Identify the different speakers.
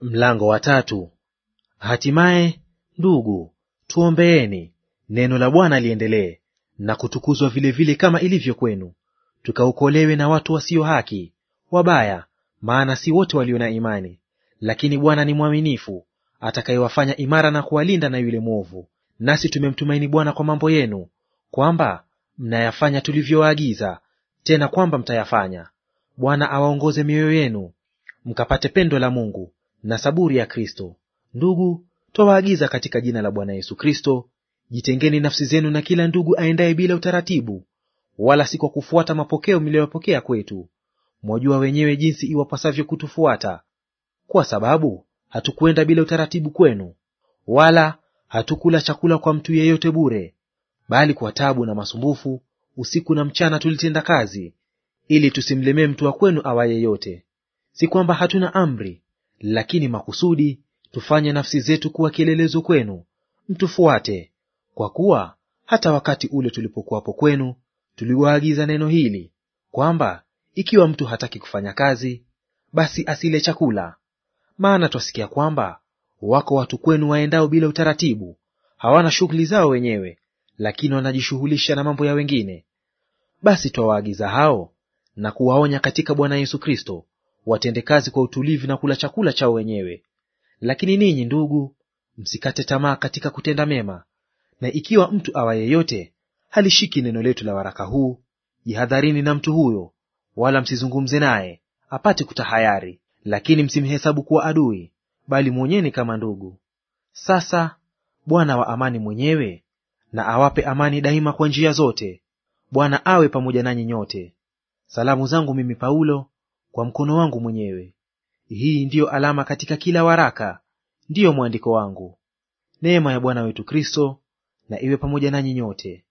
Speaker 1: Mlango wa tatu. Hatimaye ndugu, tuombeeni neno la Bwana liendelee na kutukuzwa vilevile kama ilivyo kwenu, tukaokolewe na watu wasio haki wabaya, maana si wote walio na imani. Lakini Bwana ni mwaminifu, atakayewafanya imara na kuwalinda na yule mwovu. Nasi tumemtumaini Bwana kwa mambo yenu, kwamba mnayafanya tulivyowaagiza, tena kwamba mtayafanya. Bwana awaongoze mioyo yenu, mkapate pendo la Mungu na saburi ya Kristo. Ndugu, twawaagiza katika jina la Bwana Yesu Kristo, jitengeni nafsi zenu na kila ndugu aendaye bila utaratibu, wala si kwa kufuata mapokeo mliyopokea kwetu. Mwajua wenyewe jinsi iwapasavyo kutufuata, kwa sababu hatukwenda bila utaratibu kwenu, wala hatukula chakula kwa mtu yeyote bure, bali kwa tabu na masumbufu usiku na mchana tulitenda kazi, ili tusimlemee mtu wa kwenu awa yeyote Si kwamba hatuna amri, lakini makusudi tufanye nafsi zetu kuwa kielelezo kwenu, mtufuate. Kwa kuwa hata wakati ule tulipokuwapo kwenu, tuliwaagiza neno hili kwamba ikiwa mtu hataki kufanya kazi, basi asile chakula. Maana twasikia kwamba wako watu kwenu waendao bila utaratibu, hawana shughuli zao wenyewe, lakini wanajishughulisha na mambo ya wengine. Basi twawaagiza hao na kuwaonya katika Bwana Yesu Kristo watende kazi kwa utulivu na kula chakula chao wenyewe. Lakini ninyi ndugu, msikate tamaa katika kutenda mema. Na ikiwa mtu awa yeyote halishiki neno letu la waraka huu, jihadharini na mtu huyo, wala msizungumze naye apate kutahayari, lakini msimhesabu kuwa adui, bali mwonyeni kama ndugu. Sasa Bwana wa amani mwenyewe na awape amani daima kwa njia zote. Bwana awe pamoja nanyi nyote. Salamu zangu mimi Paulo kwa mkono wangu mwenyewe. Hii ndiyo alama katika kila waraka, ndiyo mwandiko wangu. Neema ya Bwana wetu Kristo na iwe pamoja nanyi nyote.